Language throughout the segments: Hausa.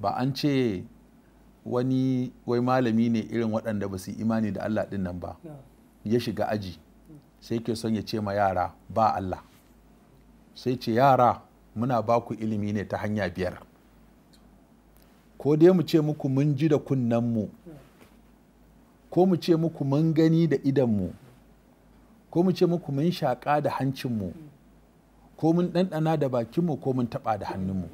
ba an ce wani wai malami ne irin waɗanda ba su imani da Allah ɗin nan ba ya shiga aji sai ke son ya ce ma yara ba Allah sai ce yara muna ba ku ilimi ne ta hanya biyar ko dai mu ce muku mun ji da kunnenmu ko mu ce muku mun gani da idanmu ko mu ce muku mun shaƙa da hancinmu mm. ko mun ɗanɗana da bakinmu ko mun taɓa da hannunmu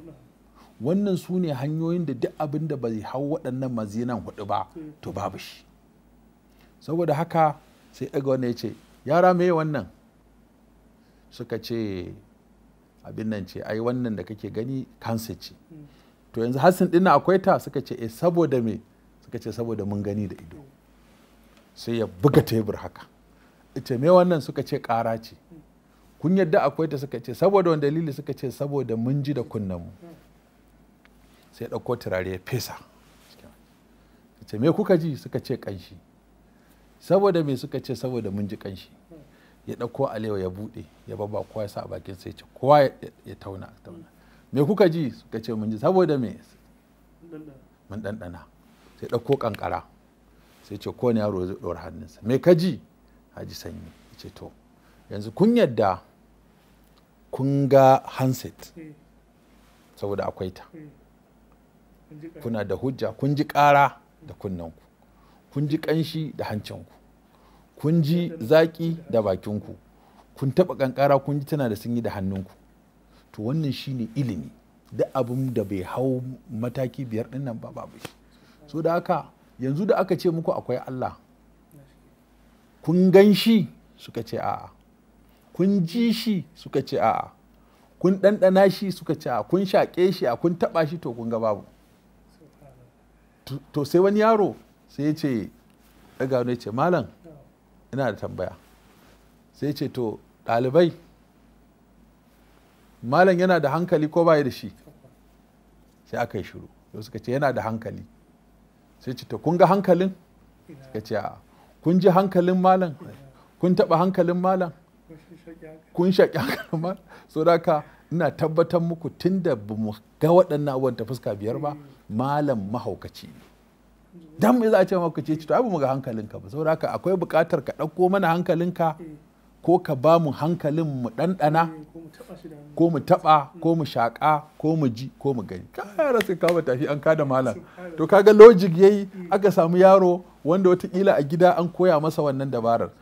wannan su ne hanyoyin da duk abin da bai hau waɗannan mazinan hudu ba to babu shi saboda haka sai ɗaga wannan ya ce yara me wannan suka ce abin nan ce ai wannan da kake gani kansa ce to yanzu hassan ɗin akwai ta suka ce eh saboda me suka ce saboda mun gani da ido sai ya buga tebur haka ita me wannan suka ce ƙara ce kun yadda akwai ta suka ce saboda wani dalili suka ce saboda mun ji da kunnen mu sai ɗauko turare ya fesa ce me kuka ji suka ce kanshi saboda me suka ce saboda mun ji kanshi ya ɗauko alewa ya buɗe ya babba kowa ya sa a bakin sai ce kowa ya tauna tauna me kuka ji suka ce mun ji saboda me mun ɗanɗana sai ɗauko kankara sai ce kowane yaro zai ɗora hannunsa me ka ji haji sanyi ce to yanzu kun yadda kun ga handset saboda akwai ta kuna da hujja kun ji ƙara da kunnanku kun ji ƙanshi da hancinku kun ji zaƙi da bakinku kun taɓa ƙanƙara kun ji tana da sunyi da hannunku to wannan shi ne ilimi da abin da bai hau mataki biyar ɗin nan ba babu shi so da haka yanzu da aka ce muku akwai Allah kun gan shi suka ce a'a kun ji shi suka ce a'a kun ɗanɗana shi suka ce a'a kun shaƙe shi a kun taɓa shi to kun ga babu to sai wani yaro sai ya ce daga wani ce malam ina da tambaya sai ya ce to ɗalibai malam yana da hankali ko baya da shi sai aka yi shiru yau suka ce yana da hankali sai ce to kun ga hankalin suka ce a kun ji hankalin malam kun taɓa hankalin malam kun shaƙi hankalin malam so da ina tabbatar muku tun da ba mu ga waɗannan abubuwan ta fuska biyar ba malam mahaukaci ne dan me za a ce mahaukaci to abu mu ga hankalinka ba saboda haka akwai buƙatar ka ɗauko mana hankalinka eh. ko ka ba mu hankalin mu ɗanɗana eh, ko mu taɓa ko mu shaƙa ko mu ji ko mu gani kayara sai kama tafi an kada malam to kaga logic yayi eh. aka samu yaro wanda watakila a gida an koya masa wannan dabarar